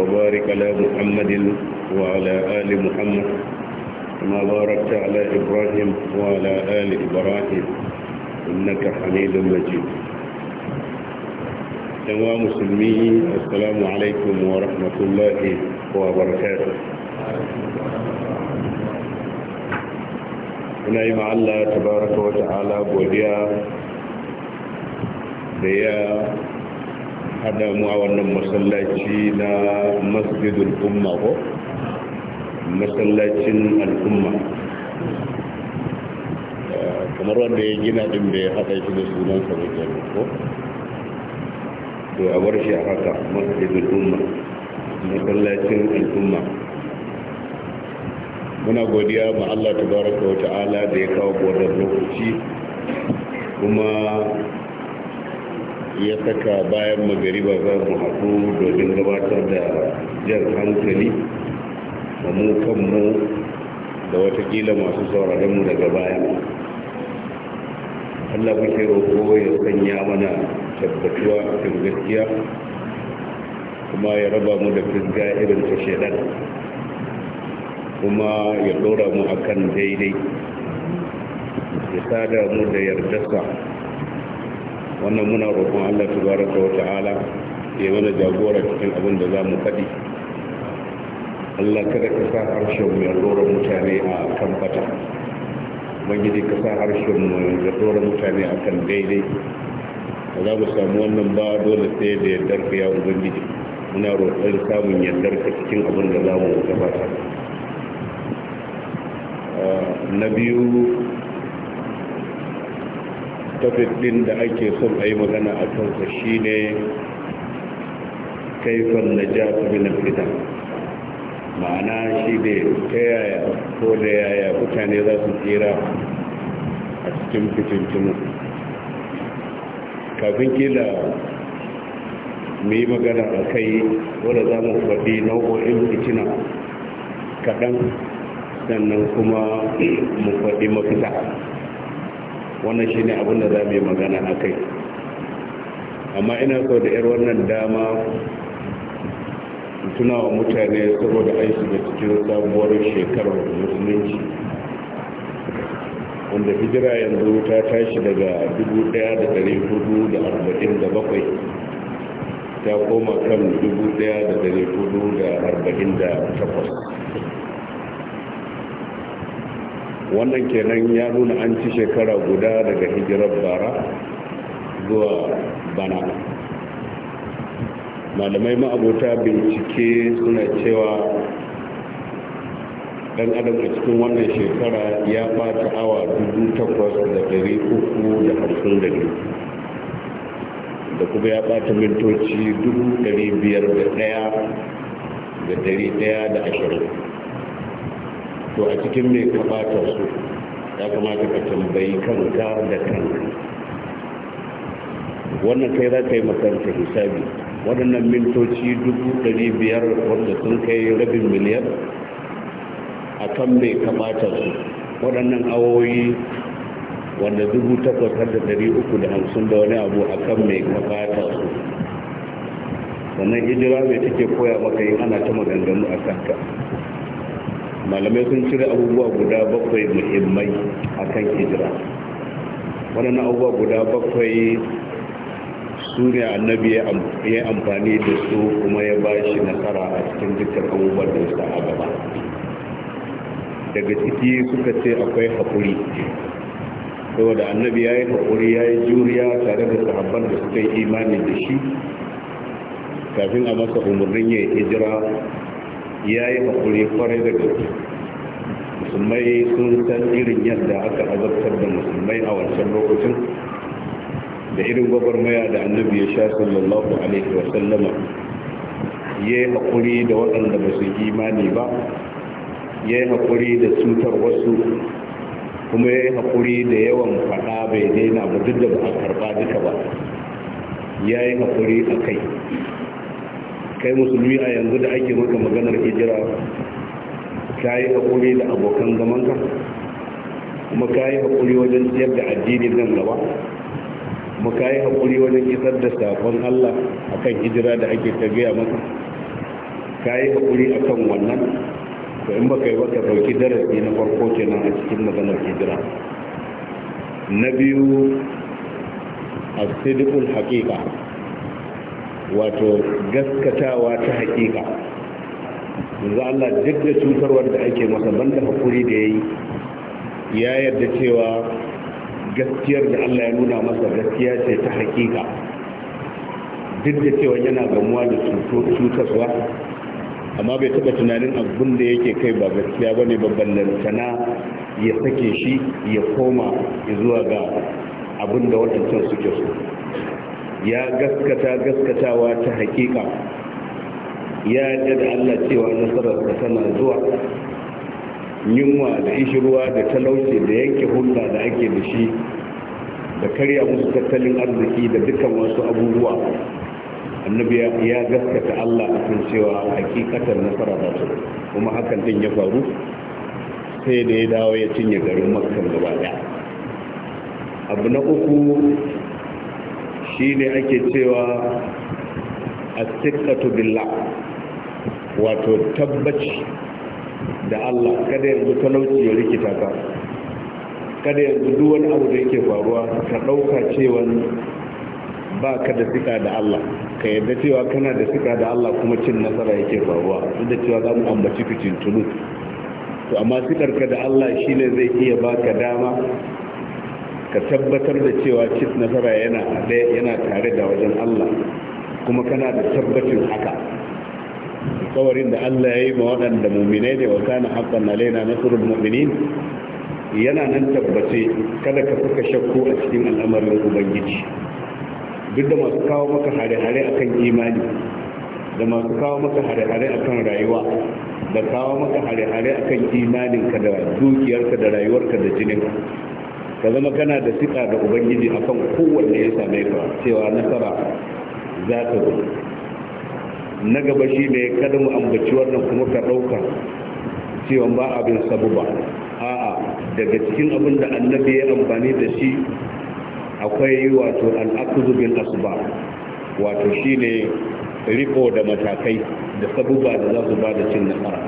وبارك على محمد وعلى آل محمد كما باركت على إبراهيم وعلى آل إبراهيم إنك حميد مجيد جماعة مسلمين السلام عليكم ورحمة الله وبركاته muna الله ma'alla ta baraka wata ala hada mu a wannan masallaci na masjidul umma ko masallacin al'umma kamar wanda ya gina din da ya haɗa shi da sunan sa wajen ko to a bar shi a haka masjidul umma masallacin al'umma muna godiya ma Allah tabaraka wa ta'ala da ya kawo wannan lokaci kuma ya saka bayan magariba za mu haɗu domin gabatar da jan hankali da mu kanmu da watakila masu sauraronmu daga bayan. allah muke roko ya sanya mana tabbatuwa a kan gaskiya kuma ya raba mu da fisga irin ta shaidan kuma ya ɗora mu akan daidai ya sada mu da yardarsa wannan muna roƙon Allah tabaraka wa ta'ala ya mana jagora cikin abin da za mu faɗi Allah kada ka sa harshen mu ya dora mutane a kan fata ubangiji ka sa harshen mu ya dora mutane a kan daidai ba za mu samu wannan ba dole sai da yardar ka ya ubangiji muna roƙon samun yardar ka cikin abin da za mu gabata ah, na biyu tafid ɗin da ake son a yi magana a kansa shi ne kaifan na ja na fita, ma'ana shi ne ta yaya ko da yaya mutane za su tsira a cikin fitintunu kafin kila mu yi magana a kai wadda za mu faɗi nau'o'in fitina kaɗan sannan kuma mu faɗi mafita wannan shi ne abin da za mu yi magana a kai amma ina so da yar wannan dama tuna wa mutane saboda an da cikin sabuwar shekarar musulunci wanda hijira yanzu ta tashi daga 1447 ta koma kan 1448 wannan kenan ya nuna an ci shekara guda daga hijirar bara zuwa bana malamai ma'abota bincike suna cewa dan adam a cikin wannan shekara ya bata awa takwas da kuma ya bata mintoci da ashirin. to a cikin mai kamata su ya kamata ka tambayi kanka da kanka wannan kai za ka yi makaranta hisabi waɗannan mintoci dubu ɗari biyar wanda sun kai rabin miliyan a kan mai kamata su waɗannan awoyi wanda dubu takwas har da ɗari uku da hamsin da wani abu a kan mai kamata su sannan hijira mai take koya maka yin ana ta maganganu a kanka malamai sun cire abubuwa guda bakwai muhimmai a kan hijira waɗannan abubuwa guda bakwai su ne annabi ya amfani da su kuma ya ba shi nasara a cikin dukkan abubuwan da su a gaba daga ciki suka ce akwai haƙuri saboda annabi ya yi haƙuri ya yi juriya tare da sahabban da suka yi imani da shi kafin a masa umarnin ya hijira ya yi haƙuri kwarai da gaske musulmai sun san irin yadda aka azabtar da musulmai a wancan lokacin da irin gwagwarmaya da annabi ya sha sallallahu alaihi wa sallama ya yi haƙuri da waɗanda ba su imani ba ya yi haƙuri da cutar wasu kuma ya yi haƙuri da yawan faɗa bai daina abu duk da ba a karɓa duka ba ya yi haƙuri a kai kai musulmi a yanzu da ake maka maganar hijira ka yi haƙuri da abokan zamanka kuma ka yi haƙuri wajen ciyar da addini nan gaba kuma ka yi haƙuri wajen isar da saƙon allah a kan hijira da ake tagaya maka ka yi haƙuri kan wannan ko in baka yi ba ka ɗauki darasi na farko kenan a cikin maganar hijira na biyu a sidikul haƙiƙa wato gaskatawa ta hakika yanzu Allah duk da cutarwar da ake masa banda hakuri da yayi ya yarda cewa gaskiyar da Allah ya nuna masa gaskiya ce ta hakika duk da cewa yana gamuwa da cutarwa amma bai taba tunanin abin da yake kai ba gaskiya bane babban lantana ya sake shi ya koma zuwa ga abin da waɗancan suke so ya gaskata gaskatawa ta hakika ya jada Allah cewa nasararsa tana zuwa yunwa da ishirwa da talauci da yanke hulɗa da ake da shi da karya musu tattalin arziki da dukkan wasu abubuwa annabi ya gaskata Allah a kan cewa hakikatar nasara ba su kuma hakan din ya faru sai da ya dawo ya cinye garin makka gaba daya abu na uku shi ne ake cewa a sikatu billah wato tabbaci da Allah kada yanzu talauci ya rikita ka kada yanzu duk abu da yake faruwa ka ɗauka cewa ba ka da sika da Allah ka yadda cewa kana da sika da Allah kuma cin nasara yake faruwa duk da cewa za mu ambaci fitintunu to amma sikarka da Allah shine zai iya baka dama ka tabbatar da cewa cif nasara yana yana tare da wajen Allah kuma kana da tabbacin haka kawarin da Allah ya yi ma waɗanda mummine ne wa kana na alaina nasrul mu'minin yana nan tabbace kada ka saka shakku a cikin al'amarin ubangiji duk da masu kawo maka hare-hare kan imani da masu kawo maka hare-hare kan rayuwa da kawo maka hare-hare kan imaninka da dukiyarka da rayuwarka da jininka ka zama kana da sika da ubangiji akan kowanne ya same ka cewa nasara za ta zo na gaba shi ne kada mu ambaci wannan kuma ka ɗauka cewa ba abin sabu ba a'a daga cikin abin da annabi ya amfani da shi akwai wato al'akuzu bin asuba, wato shi ne riko da matakai da sabuba da za su ba da cin nasara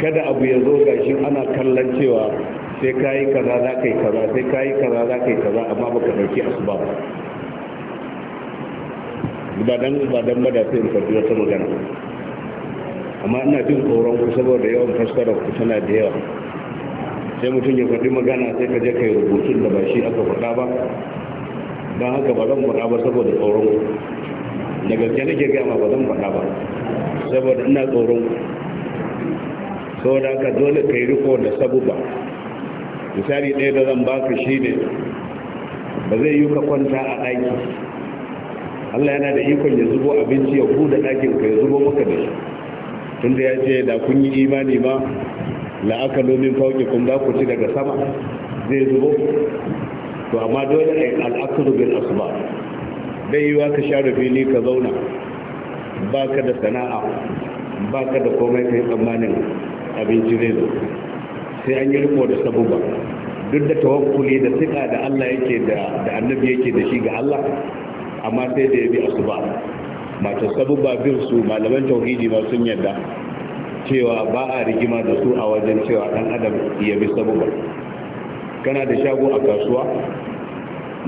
kada abu ya zo gashi ana kallon cewa sai ka yi kaza za ka yi kaza sai ka yi kaza za ka yi kaza amma ba ka ɗauki asuba ba ba dan ba dan ba da sai in karbi wata magana amma ina jin tsoron ku saboda yawan fassara ku tana da yawa sai mutum ya faɗi magana sai ka je kai rubutun da ba shi aka faɗa ba don haka ba zan faɗa ba saboda tsoron ku da gaske nake gaya ma ba zan faɗa ba saboda ina tsoron ku saboda haka dole yi riko da sabuba misali ɗaya da zan baka shi ne ba zai yi ka kwanta a ɗaki Allah yana da ikon ya zubo abinci ya buɗe ɗakin ka ya zubo maka da shi tun da ya ce da kun yi imani ma la'aka domin fauki kun ba ku ci daga sama zai zubo to amma dole a yi al'akuru bin asuba bai yiwa ka share fili ka zauna ba ka da sana'a ba ka da komai ka yi tsammanin abinci zai zo sai an yi riko da ba. duk da tawakkuli da tsika da Allah yake da annabi yake da shi ga Allah amma sai da ya bi asuba masu sabubba bin su malaman tauhidi ma sun yadda cewa ba a rigima da su a wajen cewa dan adam ya bi sabubba kana da shago a kasuwa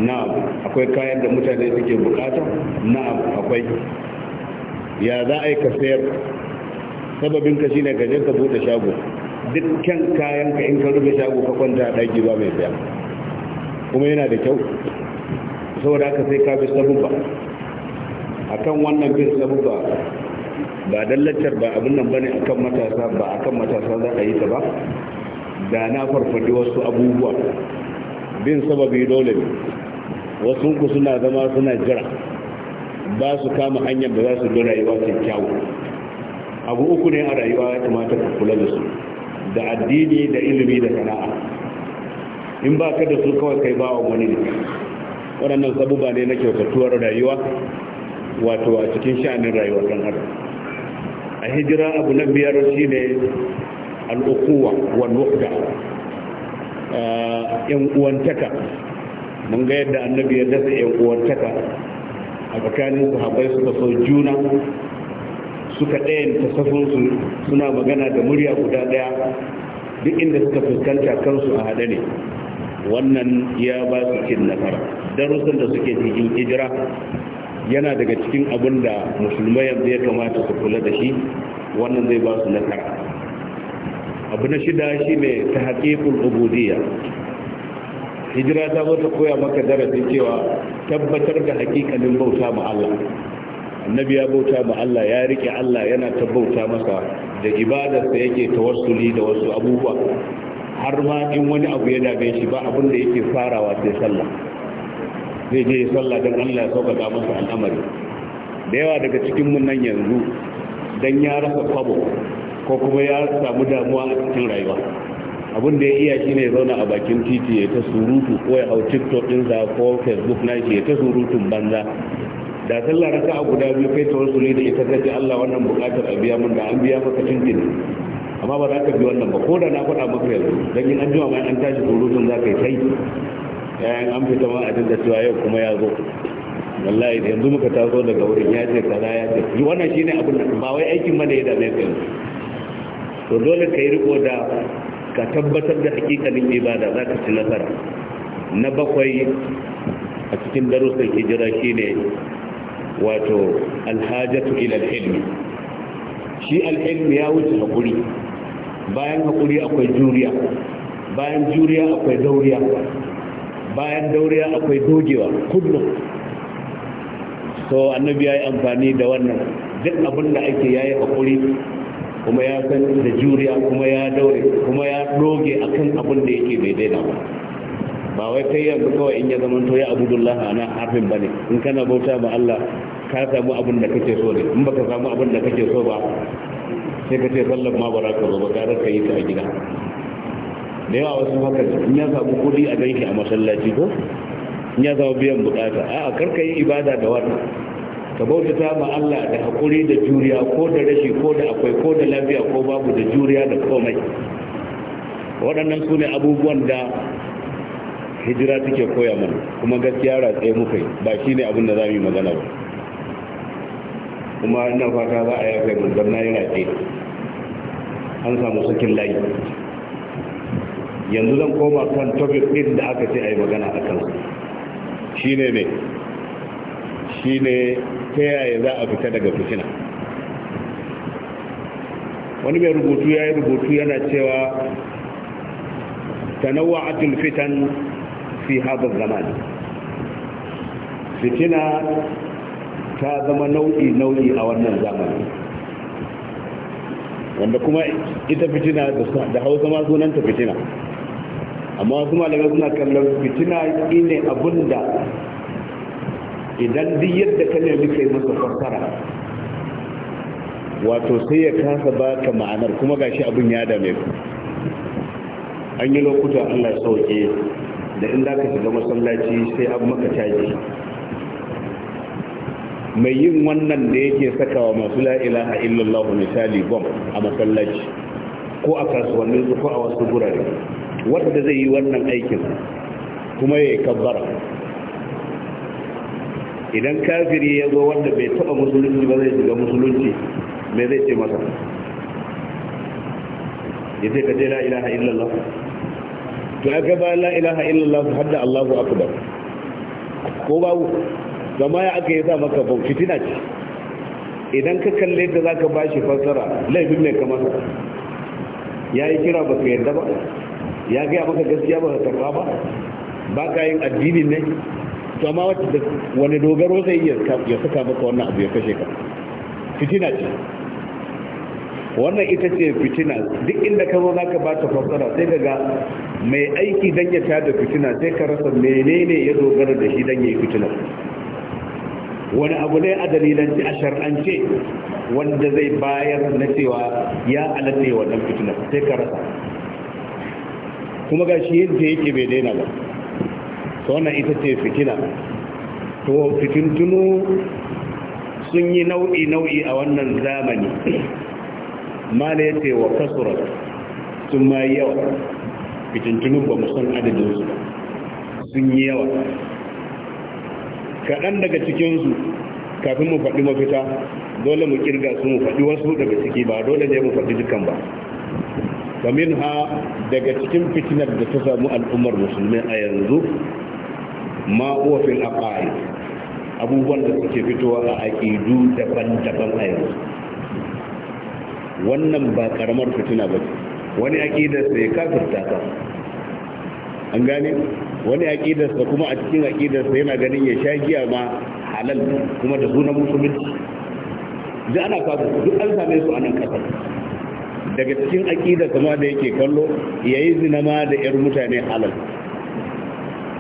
na'am akwai kayan da mutane suke bukata na'am akwai ya za a yi ka sayar sababin ka shine ka ka bude shago dukkan kayan ka in ka rufe shago ka kwanta a ɗaki ba mai biya kuma yana da kyau saboda aka sai ka bi sabubba kan wannan bin sabubba ba don laccar ba abin nan bane akan matasa ba akan matasa za a yi ta ba da na farfadi wasu abubuwa bin sababi dole ne wasu ku suna zama suna jira ba su kama hanyar da za su bi rayuwa kyakkyawa abu uku ne a rayuwa ya kamata ka kula da su da addini da ilimi da sana'a in ba ka da su kawai kai ba wa wani ne waɗannan sabuba ne na kyautatuwar rayuwa wato a cikin sha'anin rayuwar ɗan adam a hijira abu na biyar shi ne al'ukuwa wa, wukda eh, yan uwantaka mun ga yadda annabi ya dasa yan uwantaka a tsakanin su suka so juna suka ɗayan safinsu suna magana da murya guda ɗaya duk inda suka fuskanta kansu a haɗe ne wannan ya ba su cin nasara darussan da suke cikin hijira yana daga cikin abin da musulmai yanzu ya kamata su kula da shi wannan zai ba su nasara abu na shida shi ne ta haƙiƙul ubudiyya hijira ta wata koya maka darasin cewa tabbatar da haƙiƙanin bauta ma Allah annabi ya bauta ba Allah ya rike Allah yana ta bauta masa da ibadarsa yake tawassuli da wasu abubuwa har ma in wani abu ya dame shi ba abin da yake farawa sai sallah zai je sallah don Allah ya sauƙaƙa masa al'amari da yawa daga cikin mun nan yanzu dan ya rasa kwabo ko kuma ya samu damuwa a cikin rayuwa abin da ya iya shi ne zauna a bakin titi ya ta surutu ko ya hau tiktok ɗinsa ko facebook na shi ya ta surutun banza da sallah raka a guda biyu kai tawassuli da ita kace Allah wannan bukatar a biya mun da an biya maka cikin amma ba za ka bi wannan ba ko da na faɗa maka yanzu dan in an jima mai an tashi surutun za ka yi sai yayin an fita ma a dinda cewa yau kuma ya zo wallahi yanzu muka taso daga wurin ya ce kaza ya ce wannan shine abin da ba wai aikin mana ya dame ka to dole ka yi riko da ka tabbatar da hakikalin ibada za ka ci nasara na bakwai a cikin darussan hijira shine wato alhajatu ila alhilmi shi alhilmi ya wuce hakuri bayan hakuri akwai juriya bayan juriya akwai dauriya bayan dauriya akwai dogewa kullum so annabi ya yi amfani da wannan duk abin da ake ya yi hakuri kuma ya san da juriya kuma ya daure kuma ya doge akan abin da yake bai daina ba ba wai kai yanzu kawai in ya zama to ya abudullah ana harfin bane in kana bauta ma Allah ka samu abin da kake so ne in baka samu abin da kake so ba sai ka ce sallar ma ba ka ba ka raka yi ta a gida da yawa wasu haka in ya samu kuɗi a ganki a masallaci ko in ya samu biyan bukata a'a karka yi ibada da wannan ka bautata ma Allah da haƙuri da juriya ko da rashi ko da akwai ko da lafiya ko babu da juriya da komai waɗannan su ne abubuwan da hijira take koya mana kuma gaskiya ratse muka yi ba shi ne abin da za mu yi magana ba kuma ina fata za a yafe mun don na yi ratse an samu sakin layi yanzu zan koma kan topic ɗin da aka ce a yi magana a kan shi ne ne shi ne ta yaya za a fita daga fitina wani mai rubutu ya yi rubutu yana cewa tanawa'atul fitan fi hada zaman fitina ta zama nau'i nau'i a wannan zamani wanda kuma ita fitina da hausa ma sunanta fitina amma wasu malaga suna kallon fitina ne abin da idan duk yadda ka nemi kai masa fassara wato sai ya kasa ba ka ma'anar kuma gashi abin ya dame ku an yi lokuta allah sauke da in za ka shiga masallaci sai an maka caji mai yin wannan da yake sakawa masu la'ilaha illallah misali bom a masallaci ko a kasuwannin ko a wasu gurare wadda zai yi wannan aikin kuma ya yi kabbara idan kafiri ya zo wanda bai taba musulunci ba zai shiga musulunci mai zai ce masa ya ce ka la'ila la'ilaha illallah ya gaba la ilaha illallah hadda Allahu akbar ko ba gama ya aka yi sa maka bau fitina ce idan ka kalle da zaka bashi fasara laifin ne kamar ya yi kira ka yadda ba ya gaya maka gaskiya ba ka karba ba ba ka yin addini ne to amma wani dogaro zai iya ya saka maka wannan abu ya kashe ka fitina ce wannan ita ce fitina duk inda ka zo ka ba ta fassara sai daga mai aiki don ya da fitina sai ka rasa menene ya dogara da shi don ya yi fitina wani abu ne a dalilanci a shar'ance wanda zai bayar na cewa ya alatse wannan fitina sai ka rasa kuma ga shi yadda yake bai daina ba to wannan ita ce fitina to fitintunu sun yi nau'i nau'i a wannan zamani mala ya ce wa kasura sun ma yi yawa fitintunin ba musan adadinsu ba sun yi yawa kaɗan daga cikinsu kafin mu faɗi mafita dole mu kirga su mu faɗi wasu daga ciki ba dole ne mu faɗi dukan ba kamin ha daga cikin fitinar da ta samu al'ummar musulmi a yanzu ma a aƙa'i abubuwan da suke fitowa a aƙidu daban-daban a yanzu wannan ba karamar fitina ba wani aqidarsa ya kafirta ka an gane wani aqidarsa kuma a cikin aqidarsa yana ganin ya sha giya ma halal kuma da sunan musulunci da ana kafa duk an same su a nan kasar daga cikin aqidarsa ma da yake kallo yayi zina ma da yar mutane halal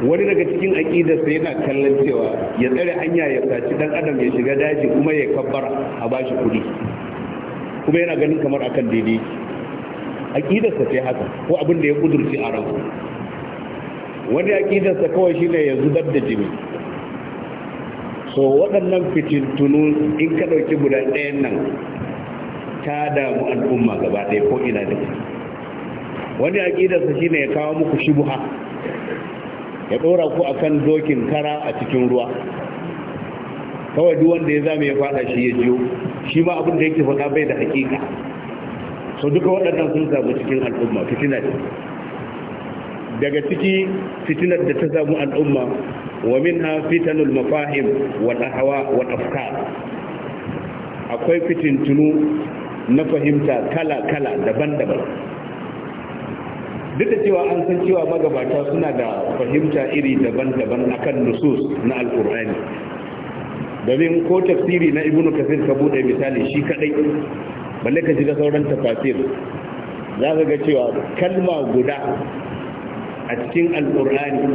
wani daga cikin aƙidarsa yana kallon cewa ya tsare hanya ya saci dan adam ya shiga daji kuma ya kabbara a bashi kuɗi kuma yana ganin kamar akan daidai aƙidarsa ce haka ko abin da ya kudurci a ransa wani aƙidarsa kawai shine ya zubar da jini so waɗannan fitintunu in ka ɗauki guda ɗayan nan ta damu al'umma gaba ɗaya ko ina da wani aƙidarsa shine ya kawo muku shubuha ya ɗora ku akan dokin kara a cikin ruwa kawai duk wanda ya zame ya fada shi ya jiyo shi ma abin da yake faɗa bai da hakika so duka waɗannan sun samu cikin al'umma fitina ce daga ciki fitinar da ta samu al'umma wa min ha fitanul mafahim wa dahawa wa afka. akwai fitintunu na fahimta kala kala daban-daban duk da cewa an san cewa magabata suna da fahimta iri daban-daban akan nusus na alkur'ani domin ko tafsiri na ibnu kafir ka bude misali shi kadai balle ka ji da sauran tafasir za ka ga cewa kalma guda a cikin alkur'ani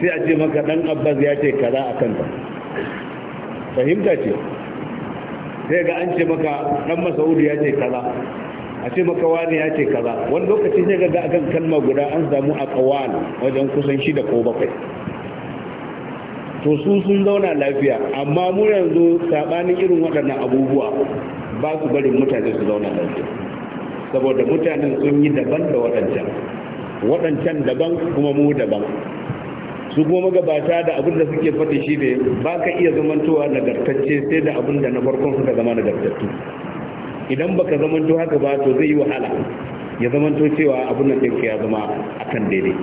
sai a ce maka dan abbas ya ce kaza a kanta fahimta ce sai ga an ce maka dan masaudi ya ce kaza a ce maka wani ya ce kaza wani lokaci sai ga akan kalma guda an samu a wajen kusan shida ko bakwai to su sun zauna lafiya amma mu yanzu sabanin irin waɗannan abubuwa ba su bari mutane su zauna lafiya saboda mutanen sun yi daban da waɗancan waɗancan daban kuma mu daban su kuma magabata da abin da suke fata shi ne ba ka iya zamantowa nagartacce sai da abin da na farkon suka zama nagartattu idan baka zamanto haka ba to zai yi wahala ya zamanto cewa abin da ya zama akan daidai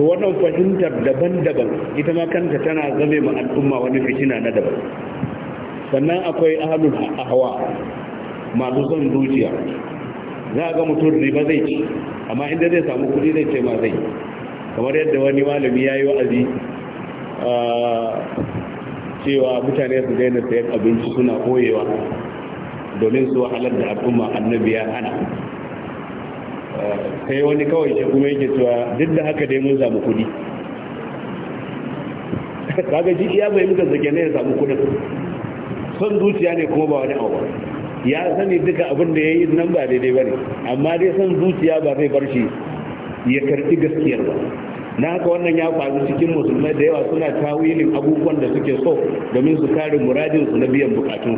to wannan fahimtar daban-daban ita ma kanta tana zame ma al'umma wani fitina na daban sannan akwai ahlul ahwa masu son zuciya za ga mutum riba zai ci amma inda zai samu kuɗi zai ce ma zai kamar yadda wani malami ya yi wa'azi ah, cewa mutane su daina sayan abinci suna koyewa domin su wahalar da al'umma annabi ya hana kai wani kawai shi kuma yake cewa duk da haka dai mun samu kudi kaga ji iya bai muka zage ne ya samu kudin son zuciya ne kuma ba wani abu ya sani duka abin da ya yi nan ba daidai ba ne amma dai son zuciya ba zai bar shi ya karɓi gaskiyar ba na haka wannan ya faru cikin musulmai da yawa suna tawilin abubuwan da suke so domin su kare muradin su na biyan bukatun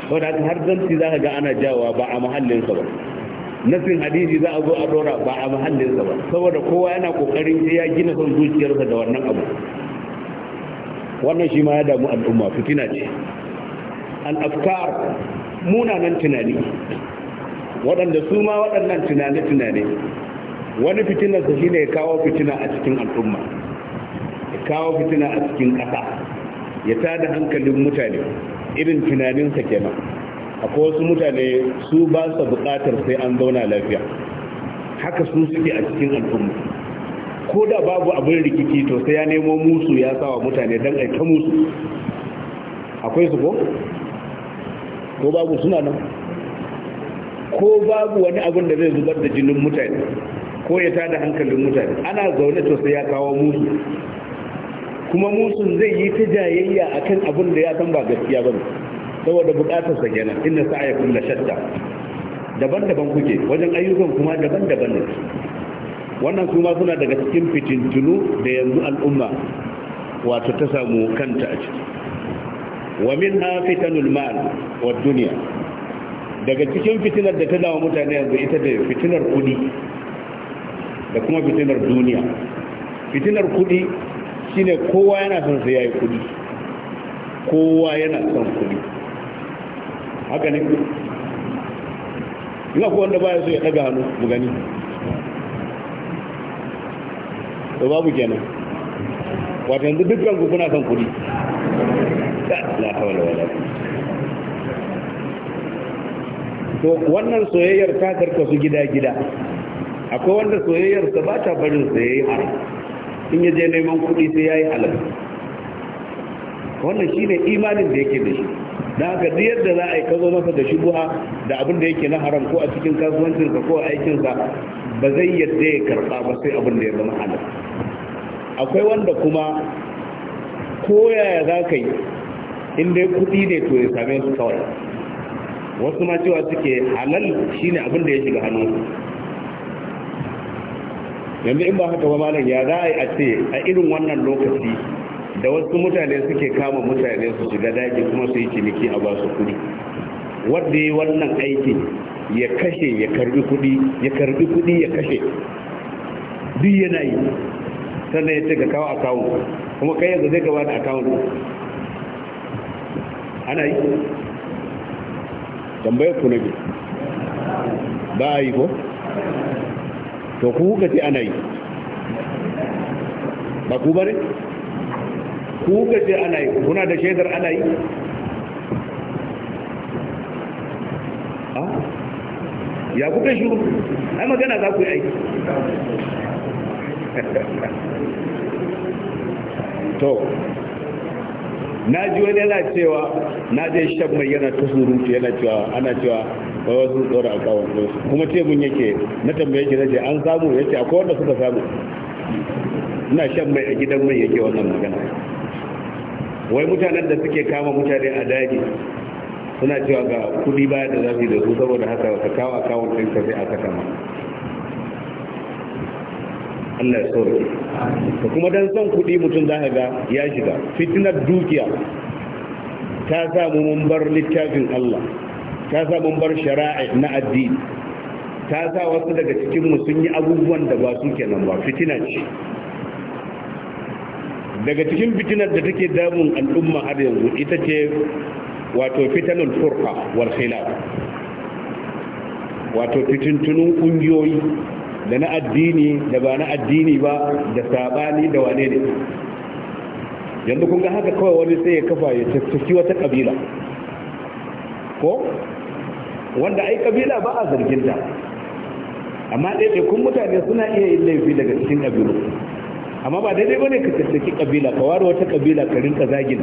su saboda har zanci za ka ga ana jawa ba a mahallinsa ba nasin hadisi za a zo a dora ba a mahallinsa ba saboda kowa yana kokarin ya gina son zuciyarsa da wannan abu wannan shi ma ya damu al'umma fitina ce An al'afkar munanan tunani waɗanda su ma waɗannan tunane-tunane wani fitinarsa shi ne ya kawo fitina a cikin al'umma ya kawo fitina a cikin ƙasa ya tada hankalin mutane irin tunaninsa kenan akwai wasu mutane su ba su buƙatar sai an zauna lafiya haka su suke a cikin al'umma ko da babu abin rikici to sai ya nemo musu ya sawa mutane don aika musu akwai su ko? ko babu suna nan ko babu wani abin da zai zubar da jinin mutane ko ya tada hankalin mutane ana zaune to sai ya kawo musu kuma musun zai yi ta jayayya akan abin da ya san ba gaskiya ba ne saboda bukatar sa kenan inna sa'yakum la shatta daban-daban kuke wajen ayyukan kuma daban-daban ne wannan kuma suna daga cikin fitintunu da yanzu al'umma wato ta samu kanta a ciki wa min fitanul mal wa dunya daga cikin fitinar da ta dawo mutane yanzu ita da fitinar kudi da kuma fitinar duniya fitinar kudi shine kowa yana son sai yayi kudi kowa yana son kudi haka ne ina ku wanda baya so ya daga hannu mu gani to babu kenan wata yanzu dukkan ku kuna kan kudi la hawla wala to wannan soyayyar ta karkasu gida-gida akwai wanda soyayyar ta ba ta barin sa a haram in ya je neman kuɗi sai ya yi halal wannan shi ne imanin da yake da shi da haka duk yadda za a yi kazo masa da shubuha da abin da yake na haram ko a cikin kasuwancinsa ko a aikinsa ba zai yadda ya karɓa ba sai abin da ya zama halal akwai wanda kuma koyaya za ka yi inda ya kuɗi ne to ya same su kawai wasu ma cewa suke halal shine abin da ya shiga hannunsu yanzu in ba haka ba malam ya za a yi a ce a irin wannan lokaci da wasu mutane suke kama mutane su shiga daji kuma su yi ciniki a basu kudi wadda yi wannan aiki ya kashe ya karbi kudi ya karbi kudi ya kashe duk yana yi sannan ya ce ka kawo akawun kuma kai yanzu zai gaba da akawun ana yi tambayar ku nake ba a yi ko to ku kuka ce ana yi ba ku bare? ne ku ce ana yi kuna da shaidar ana yi ya kuka shuru ai magana za ku yi aiki to na ji wani yana cewa na je shan mai yana ta surutu yana cewa ana cewa bawa sun tsora a kawon su kuma tebun yake na tambaye ki zai an samu yace akwai wanda suka samu ina shan mai a gidan mai yake wannan magana wai mutanen da suke kama mutane a daji suna cewa ga kudi baya da zafi da su saboda haka ka kawo akawun ɗinka sai aka kama Allah ya sauke ka kuma dan son kudi mutum za ga ya shiga fitinar dukiya ta samu mun bar littafin Allah ta samu mun bar shari'a na addini ta sa wasu daga cikin mu sun yi abubuwan da ba su kenan ba fitina ce daga cikin fitinar da take damun al'umma har yanzu ita ce wato fitanul furqa wal khilaf wato fitintunun kungiyoyi da na addini da ba na addini ba da sabani da wane ne yanzu kun ga haka kawai wani sai ya kafa ya tattaki wata kabila ko wanda ai kabila ba a zargin ta amma kun mutane suna iya yin laifi daga cikin kabilu amma ba daidai bane ka tsaki kabila ka ware wata kabila ka rinka zagin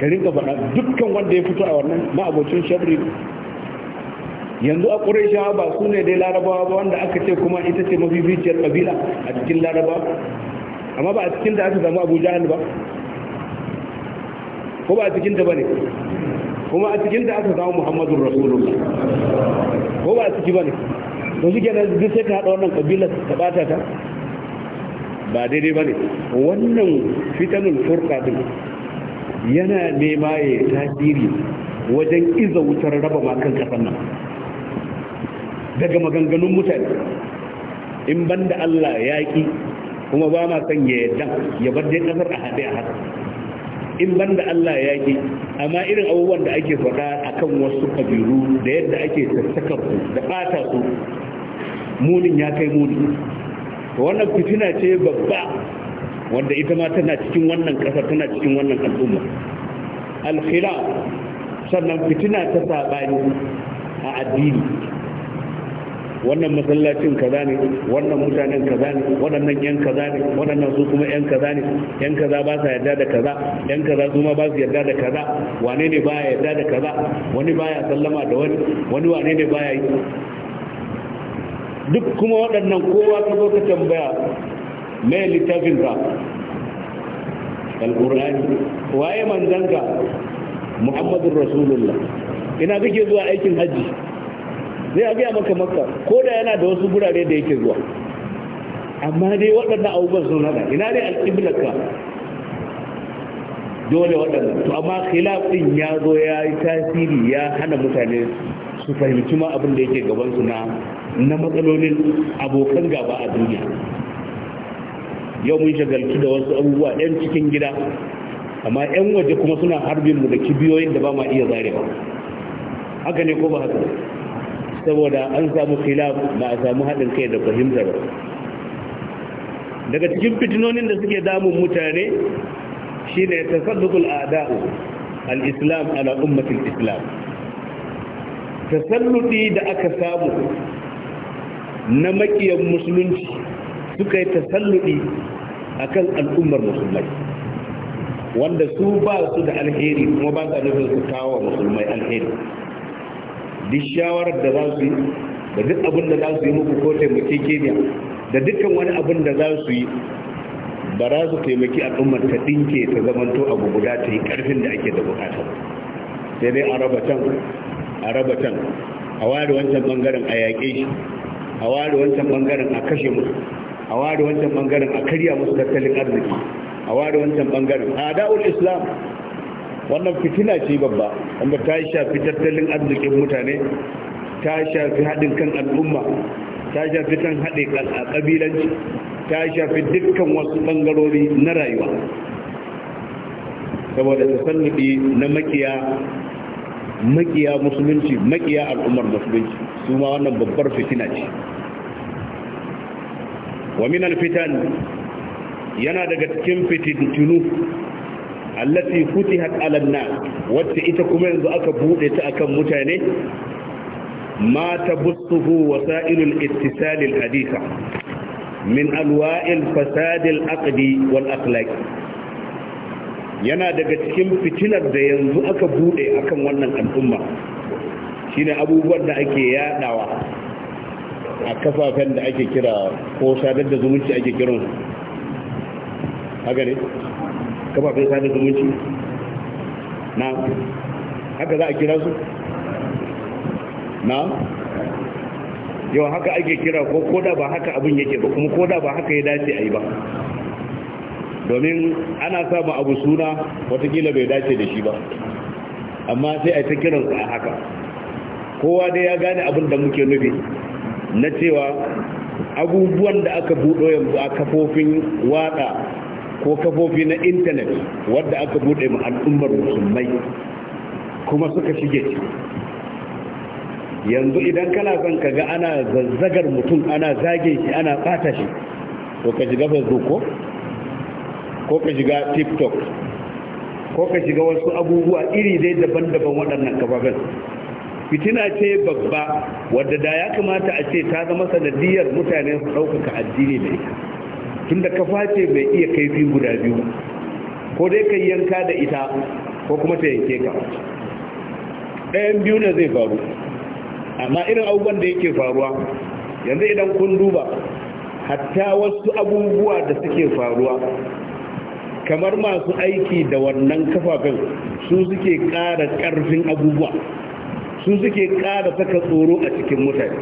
ka rinka faɗa dukkan wanda ya fito a wannan ma'abocin shabri yanzu a ƙuraishawa ba su ne dai larabawa ba wanda aka ce kuma ita ce mafificiyar kabila a cikin larabawa amma ba a cikin da aka zama abu jahal ba ko ba a cikin da ba ne kuma a cikin da aka zama muhammadun rasulullah ko ba a ciki ba ne to shi kenan duk sai ka haɗa wannan kabilar ka ɓata ta ba daidai ba ne wannan fitanin furka din yana nema ya yi tasiri wajen iza wutar raba kan kasan nan daga maganganun mutane in banda Allah ya ki kuma ba ma san ya yadda ya bar dai kasar a haɗe a haɗe in banda Allah ya ki amma irin abubuwan da ake faɗa akan wasu kabiru da yadda ake tattakar su da ɓata su munin ya kai muni wannan fitina ce babba wanda ita ma tana cikin wannan ƙasa tana cikin wannan al'umma alkhila sannan fitina ta saɓani a addini wannan masallacin kaza ne wannan mutanen kaza ne waɗannan yan kaza ne waɗannan su kuma yan kaza ne yan kaza ba sa yarda da kaza yan kaza su ma ba su yarda da kaza wane ne baya yarda da kaza wani baya sallama da wani wani wane ne baya yi duk kuma waɗannan kowa ka zo ka tambaya mai littafin ka alƙur'ani waye manzanka muhammadun rasulullah ina kake zuwa aikin hajji zai abiya maka maka. ko da yana da wasu gurare da yake zuwa amma dai waɗannan abubuwan sun hada ina dai alƙiblarka dole waɗannan to amma khilafin ya zo ya yi tasiri ya hana mutane su fahimci ma abin da yake gabansu na na matsalolin abokan gaba a duniya yau mun shagaltu da wasu abubuwa ɗan cikin gida amma 'yan waje kuma suna harbin mu da kibiyoyin da ba ma iya zarewa haka ne ko ba haka saboda an samu khilaf ba a samu haɗin kai da fahimtar daga cikin fitinonin da suke damun mutane shi ne tasaddukul a'da'u al-islam ala ummatil islam tasalluɗi da aka samu na makiyar musulunci suka yi tasalludi kan al'ummar musulmai wanda su ba su da alheri kuma ba su nufin su kawo musulmai alheri duk shawarar da za su yi da duk abin da za su yi muku ko taimake kenya da dukkan wani abin da za su yi ba za su taimaki al'ummar ta dinke ta zamanto abu guda ta yi karfin da ake da bukata sai dai a raba can a raba can a ware wancan bangaren a yaƙe shi a ware wancan bangaren a kashe musu a ware wancan bangaren a karya musu tattalin arziki a ware wancan bangaren a da'ul islam wannan fitina ce babba wanda ta shafi tattalin arzikin mutane ta shafi haɗin kan al'umma ta shafi kan haɗe a ƙabilanci ta shafi dukkan wasu ɓangarori na rayuwa saboda ta sannuɗi na makiya makiya musulunci makiya al'ummar musulunci su ma wannan babbar fitina ce wa minan fitan yana daga cikin fitintunu allati futihat ala na. wacce ita kuma yanzu aka bude ta akan mutane ma tabussuhu wasailul ittisal alhadisa min alwa'il fasad alaqdi wal akhlaqi yana daga cikin fitinar da yanzu aka bude akan wannan al'umma ne abubuwan da ake yadawa a kafafen da ake kira ko sadar da zumunci ake kiran haka ne kafafen sadar zumunci na haka za a kira su na yau haka ake kira ko koda ba haka abin yake ba kuma koda ba haka ya dace a yi ba domin ana samu abu suna watakila bai dace da shi ba amma sai a ta kiransu a haka kowa dai ya gane abin da muke nufi na cewa abubuwan da aka buɗo yanzu a kafofin wada ko kafofi na intanet wadda aka buɗe mu, al'ummar musulmai kuma suka shige ci yanzu idan kana son ka ga ana zazzagar mutum ana zage shi ana ɓata shi ko ka shiga facebook ko ka shiga tiktok ko ka shiga wasu abubuwa iri dai daban-daban waɗannan kafafen fitina ce babba wadda da ya kamata a ce ta zama sanadiyar mutane su ɗaukaka addini da ita tun da kafa ce mai iya kaifi guda biyu ko dai ka yanka da ita ko kuma ta yanke ka ɗayan biyu ne zai faru amma irin abubuwan da yake faruwa yanzu idan kun duba hatta wasu abubuwa da suke faruwa kamar masu aiki da wannan kafafen su suke ƙara ƙarfin abubuwa su suke ƙara saka tsoro a cikin mutane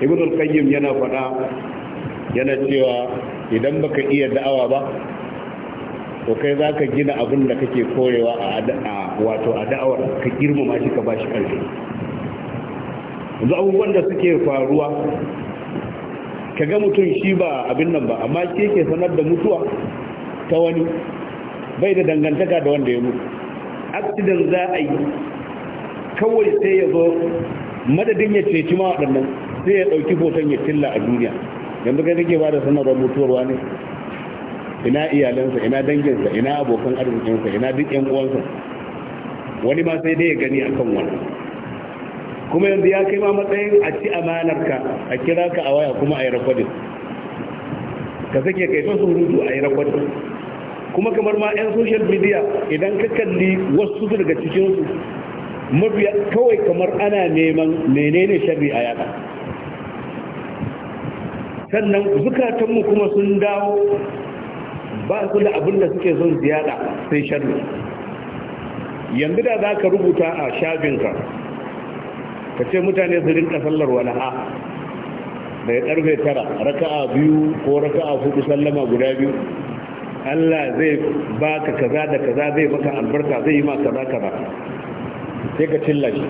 ibn al-qayyim yana faɗa yana cewa idan baka iya da'awa ba to kai zaka gina abin da kake korewa a wato a da'awar ka girmama shi ka bashi shi yanzu abubuwan da suke faruwa ka ga mutum shi ba abin nan ba amma ke ke sanar da mutuwa ta wani bai da dangantaka da wanda ya mutu accident za a yi kawai sai ya zo madadin ya ceci ma waɗannan sai ya ɗauki hoton ya tilla a duniya yanzu kai nake ba da sanarwar mutuwarwa ne ina iyalansa ina danginsa ina abokan arzikinsa ina duk yan uwansa wani ma sai dai ya gani akan wani kuma yanzu ya kai ma matsayin a ci amanar ka a kira ka a waya kuma a yi rakwadin ka sake kai son surutu a yi rakwadin kuma kamar ma 'yan social media idan ka kalli wasu daga cikinsu mafiya kawai kamar ana neman menene sharri a yada sannan zukatanmu kuma sun dawo ba su da abin da suke son ziyada sai sharri yanzu da za ka rubuta a shafinka ka ce mutane su rinka sallar wala'a da ya karfe tara raka'a biyu ko raka'a hudu sallama guda biyu Allah zai ba ka kaza da kaza zai maka albarka zai yi maka kaza kaza sai ka cillashi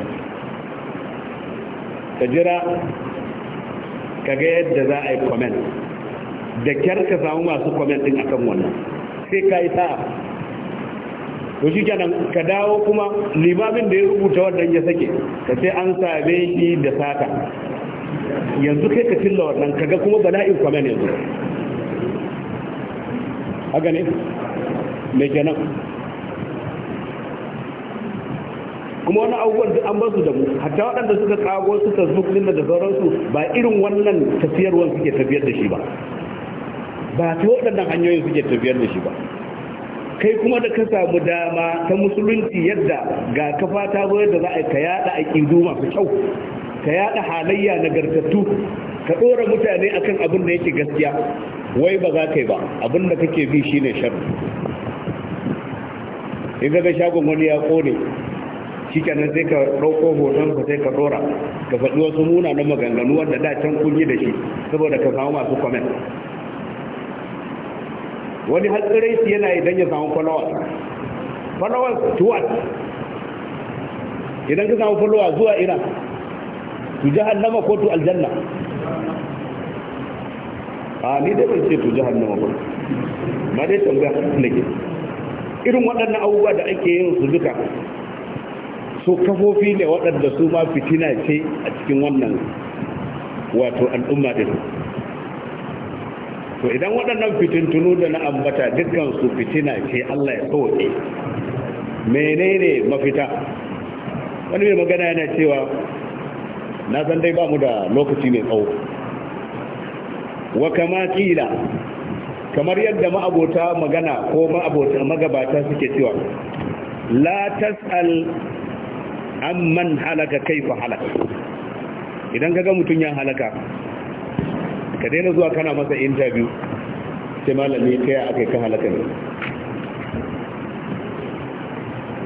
ka jira ka ga yadda za a yi comment da kyar ka samu masu comment din akan wannan sai ka yi ta to shi kenan ka dawo kuma limamin da ya rubuta wannan ya sake ka sai an same shi da sata yanzu kai ka cilla wannan ga kuma bala'in comment yanzu haka ne mai kenan kuma wani abubuwan duk an basu da mu hatta waɗanda suka kago su facebook da sauransu ba irin wannan tafiyarwar suke tafiyar da shi ba ba ta waɗannan hanyoyin suke tafiyar da shi ba kai kuma da ka samu dama ta musulunci yadda ga kafa ta zo yadda za a ka yada aƙidu masu kyau ka yada halayya nagartattu ka ɗora mutane akan abin da yake gaskiya wai ba za ka yi ba abinda kake bi shine sharri in ga shagon wani ya kone shikenan sai ka ɗauko hoton ka sai ka ɗora ka faɗi wasu na maganganu wanda da can kun yi da shi saboda ka samu masu comment wani hatsirai yana idan ya samu followers followers to what idan ka samu followers zuwa ina to jahannama ko to aljanna a ni da ban ce to jahannama ba ma dai tambaya nake irin waɗannan abubuwa da ake yin su duka su kafofi ne waɗanda su ma fitina ce a cikin wannan wato al'umma din to idan waɗannan fitintunu da na ambata dukkan su fitina ce Allah ya tsoke menene mafita wani mai magana yana cewa na san dai ba mu da lokaci mai tsawo wa kama kila kamar yadda ma'abota magana ko ma'abota magabata suke cewa la tas'al amman halaka kaifa halaka idan kaga mutun ya halaka ka daina zuwa kana masa interview sai malami ta akai aka yi kan halaka ne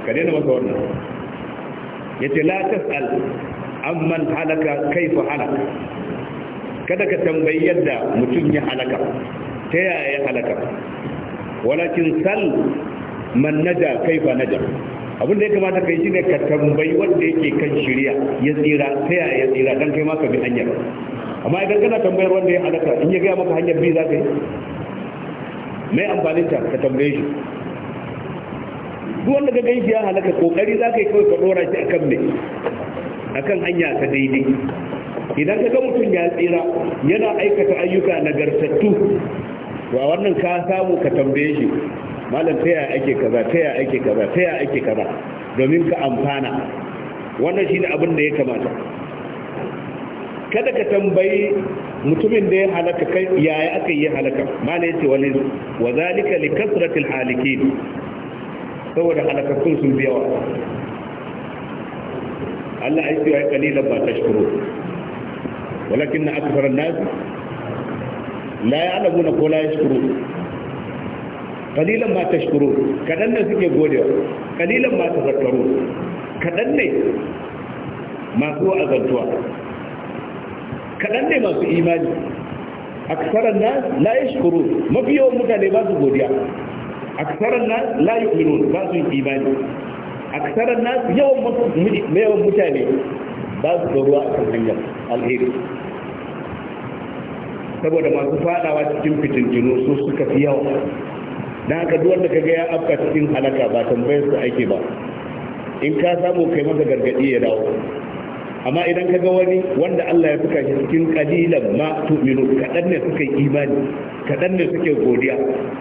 ka daina masa wannan ya ce la tas'al amman halaka kaifa halaka kada ka tambayi yadda mutum ya halaka ta yaya ya halaka walakin sal man naja kaifa naja abin da ya kamata kai shine ka tambayi wanda yake kan shirya ya tsira ta yaya ya tsira dan kai ma ka bi hanyar amma idan kana tambayar wanda ya halaka in ya gaya maka hanyar bi za ka yi mai amfanin ta ka tambaye shi duk wanda ka ganshi ya halaka kokari za ka yi kawai ka dora shi akan me akan hanya ta daidai idan ka ga mutum ya tsira yana aikata ayyuka nagartattu wa wannan ka samu ka tambaye shi malam ta ake kaza ta ake kaza ta ake kaza domin ka amfana wannan shine abin da ya kamata kada ka tambayi mutumin da ya halaka kai yaya aka yi halaka mana yace wani wa zalika li kasratil halikin saboda halakakun sun biyawa Allah ya yi wa kalilan ba tashkuru walakin na akfar nasu la ya alamu shukuru kalilan ma ta shukuru kaɗan suke gode kalilan ma ta zartaro kaɗan ne masu azantuwa kaɗan ne masu imani aksaran na shukuru mafi yawan mutane ba su godiya aksaran na la ba su imani aksaran yawan mutane ba su da ruwa a kan hanyar alheri saboda masu fadawa cikin fitintinu su suka fi yawa don haka duk wanda kaga ya afka cikin halaka ba tambayar su ake ba in ka samu kai masa gargadi ya dawo amma idan kaga wani wanda Allah ya fuka shi cikin kalilan ma tu'minu kadan ne suka yi imani kadan ne suke godiya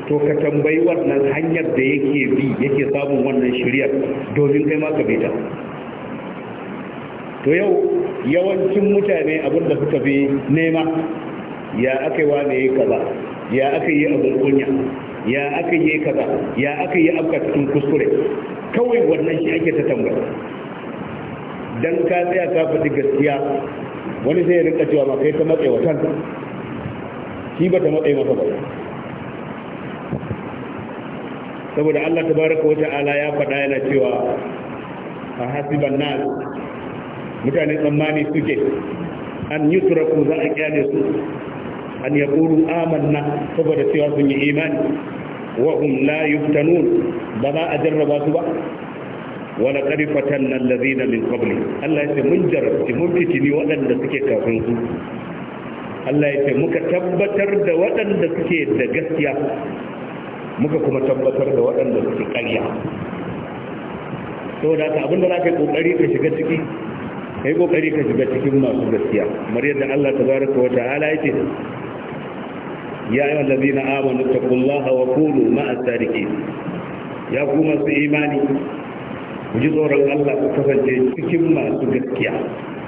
to ka tambayi wannan hanyar da yake bi yake samun wannan shirya domin kai ma ka bi ta to yau yawancin mutane abin da suka fi nema ya aka yi wane ya kaza ya aka yi a kunya ya aka yi kaza ya aka yi abka cikin kuskure kawai wannan shi ake ta tambaya dan ka tsaya ka faɗi gaskiya wani ya rinka cewa ma kai ta matsayi wa kanka shi ba ta matsayi masa ba saboda Allah tabaraka wa ta'ala ya faɗa yana cewa a hasiban nan. mutane tsammani suke an yi turaku za a kyale su an ya ƙuru amanna saboda cewa sun yi imani wa hum la yuftanun ba za a jarraba su ba wala ƙarfatan nan allazina min qabli Allah ya ce mun jarabci mun fitini waɗanda suke kafin su Allah ya ce muka tabbatar da waɗanda suke da gaskiya muka kuma tabbatar da waɗanda suke ƙarya saboda haka abinda za ka yi ƙoƙari ka shiga ciki Ka yi kokari ka shiga cikin masu gaskiya kamar yadda Allah tabaraka wa ta'ala yake ya yi ayyuhal ladina amanu kullaha wa kulu ma'as sadiqin ya ku masu imani ku ji tsoron Allah ku kasance cikin masu gaskiya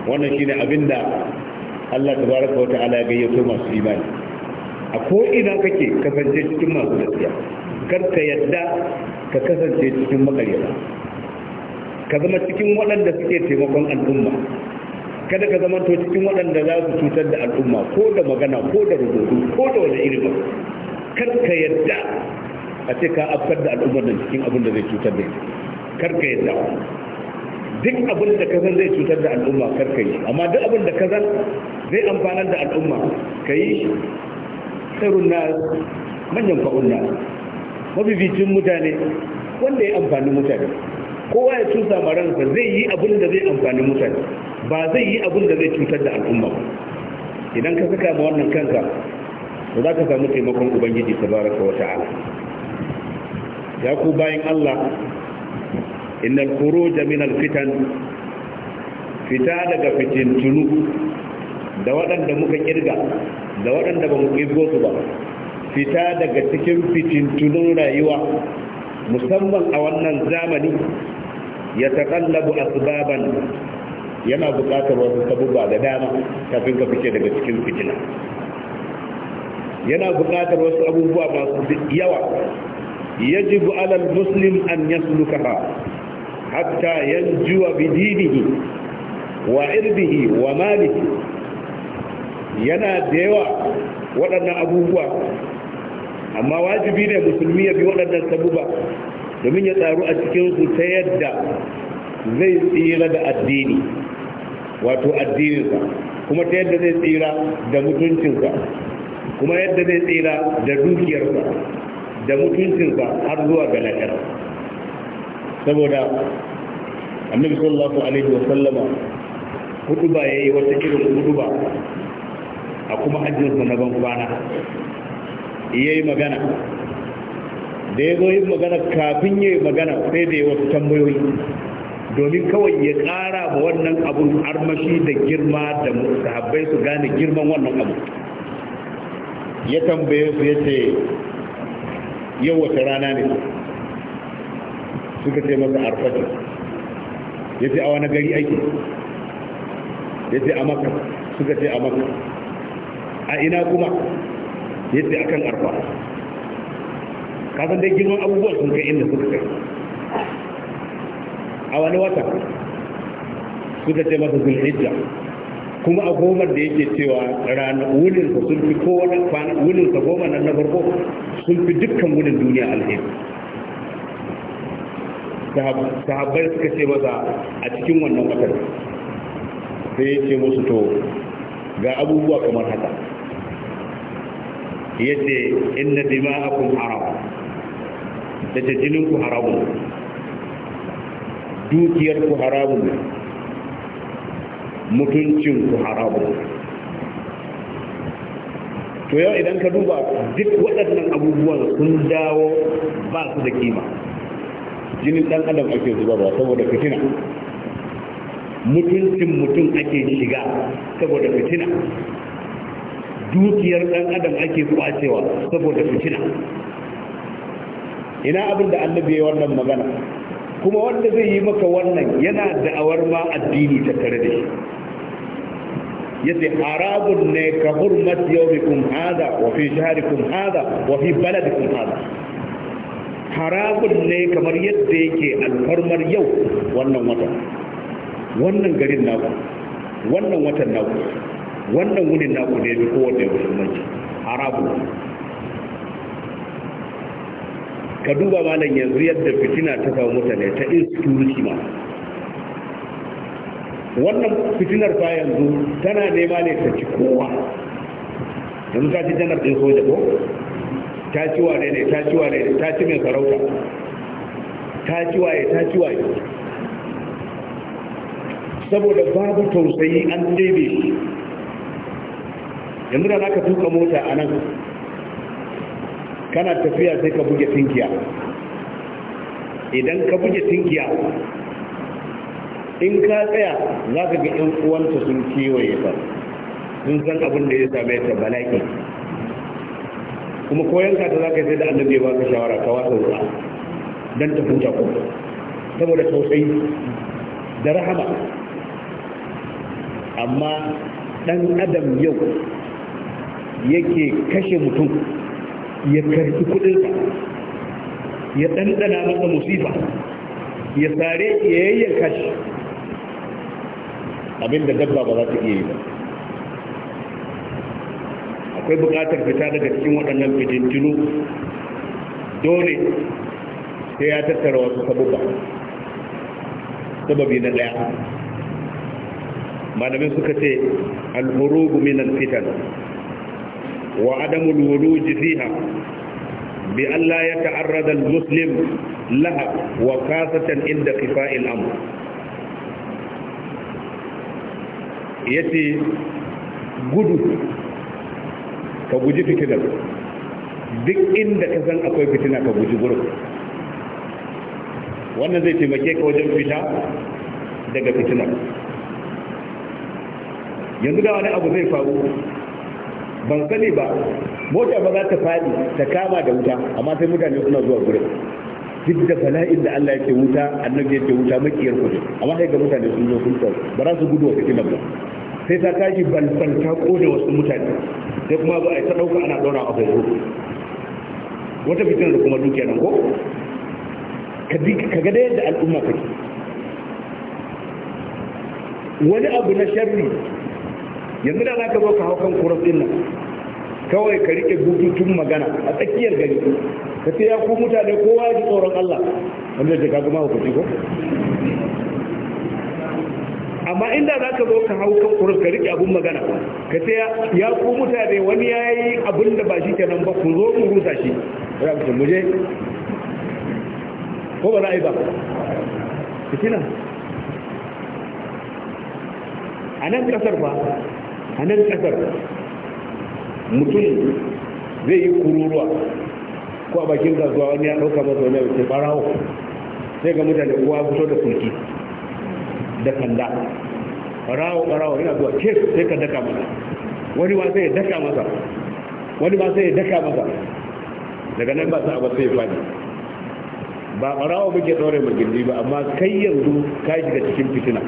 wannan shine abinda Allah Ta tabaraka wa ta'ala gayyato masu imani a ko ina kake kasance cikin masu gaskiya kar ka yadda ka kasance cikin makaryata ka zama cikin waɗanda suke taimakon al'umma kada ka zama to cikin waɗanda za su cutar da al'umma ko da magana ko da rubutu ko da wani iri ba kar ka yadda a ce ka afkar da al'ummar nan cikin abin da zai cutar da ita kar ka yadda duk abin da ka san zai cutar da al'umma kar ka yi amma duk abin da ka san zai amfanar da al'umma ka yi tsarun na manyan fa'un na mabibicin mutane wanda ya amfani mutane kowa ya cusa ma ransa zai yi abin da zai amfani mutane ba zai yi abin da zai cutar da al'umma ba idan ka saka ma wannan kanka to za ka samu taimakon ubangiji tabaraka wata ta'ala ya ku bayan Allah innal kuro min fitan fita daga fitintunu da waɗanda muka kirga da waɗanda ba mu kirgo su ba fita daga cikin fitintunun rayuwa musamman a wannan zamani ya taƙallabu asbaban yana buƙatar wasu sabubba da dama kafin ka fice daga cikin fitina yana buƙatar wasu abubuwa masu yawa Ya ji bu'alar muslim an yaslukaha hatta yanjuwa bidinihi wa irbihi wa malihi yana da yawa waɗannan abubuwa amma wajibi ne musulmi ya bi waɗannan sabubba domin ya tsaru a cikinsu ta yadda zai tsira da addini wato addininsa kuma ta yadda zai tsira da mutuncinsa kuma yadda zai tsira da dukiyarsa da mutuncinsa har zuwa ga lahira saboda annabi sallallahu alaihi wa sallama huduba yayi wata irin ba, a kuma hajjinsa na ban kwana yayi magana da ya zo yin magana kafin ya yi magana sai da ya wasu tambayoyi domin kawai ya ƙara ba wannan abun armashi da girma da sahabbai su gane girman wannan abu ya tambaye su ya ce yau wata rana ne suka ce masa arfaci ya ce a wani gari aiki ya ce a maka suka ce a maka a ina kuma ya ce akan arfa Kasan dai girman abubuwan sun kai inda suka kai a wani wata suka ce masa zulhijja kuma a gomar da yake cewa rana wulinsa sun fi kowane wulinsa goma nan na farko sun fi dukkan wulin duniya alheri sahabbai suka ce masa a cikin wannan watan sai ya ce musu to ga abubuwa kamar haka ya ce inna dima'akum haram da ta jinin ku haramun dukiyar ku haramun mutuncin ku haramun to yau idan ka duba duk waɗannan abubuwan sun dawo ba su da kima jinin ɗan adam ake zubarwa saboda fitina mutuncin mutum ake shiga saboda fitina dukiyar ɗan adam ake kwacewa saboda fitina ina abin da annabi ya wannan magana kuma wanda zai yi maka wannan yana da'awar ma addini ta tare da shi yace arabun ne ka hurmat yawmikum hada wa fi shahrikum hada wa fi baladikum hada harabun ne kamar yadda yake alfarmar yau wannan watan wannan garin naku wannan watan naku wannan wunin naku ne ko wanda ya musulmanci harabun ka duba malam yanzu yadda fitina ta samu mutane ta insecurity ma wannan fitinar fa yanzu tana nema ne ta ci kowa yanzu ta ci janar ɗin soja ko ta ci wane ne ta ci wane ne ta ci mai sarauta ta ci waye ta ci waye saboda babu tausayi an ɗebe yanzu da za ka tuka mota a nan kana tafiya sai ka buge tinkiya idan ka buge tinkiya in ka tsaya za ka ga yan uwanta sun kewaye ba sun san abin da ya same ta bala'i kuma koyon ka ta za ka sai da annabi ya ba ka shawara ka wasa wuta don ta funta ku saboda tausayi da rahama amma ɗan adam yau yake kashe mutum ya karfi kudinsa ya ɗanɗana masa musifa ya sare ya yayyanka shi abinda dabba ba za ta iya yi ba akwai buƙatar fita daga cikin waɗannan fitintinu dole sai ya tattara wasu sabubba sababi na ɗaya malamin suka ce alhurubu minan fitan وعدم الولوج فيها بأن لا يتعرض المسلم لها وخاصة عند خفاء الأمر yace gudu ka guji fitinar duk inda ka san akwai fitina ka guji gurin wannan zai taimake ka wajen fita daga fitinar yanzu da wani abu zai faru ban sani ba mota ba za ta fadi ta kama da wuta amma sai mutane suna zuwa gurin duk da bala'in da Allah yake wuta annabi yake wuta makiyar kudu amma sai ga mutane sun zo sun tsau ba za su gudu wa fitinan ba sai ta tashi balbal ta kone wasu mutane sai kuma ba a ta dauka ana daura a bai wata fitinar da kuma dukiya nan ko ka ga da yadda al'umma take wani abu na sharri yanzu da za ka zo ka hau kan kuras din nan kawai ka rike bututun magana a tsakiyar gari ka ce ya ku mutane kowa ya ji tsoron Allah wanda ya ka gama hukunci ko amma inda za ka zo ka hau kan kuras ka rike abun magana ka ce ya ku mutane wani ya yi abin da ba shi kenan ba ku zo mu rusa shi ya ku mu je ko ba za a yi ba fitina a nan kasar ba a nan ƙasar mutum zai yi kururuwa ko a bakin gazuwa wani ya ɗauka masa wani abu sai ɓarawo sai ga mutane uwa fito da sulki da sanda ɓarawo ɓarawo yana zuwa ce sai ka daka masa wani ma sai ya daka masa wani ma sai ya daka masa daga nan ba sa abu sai ya faɗi ba ɓarawo muke ɗaure magindi ba amma kai yanzu ka shiga cikin fitina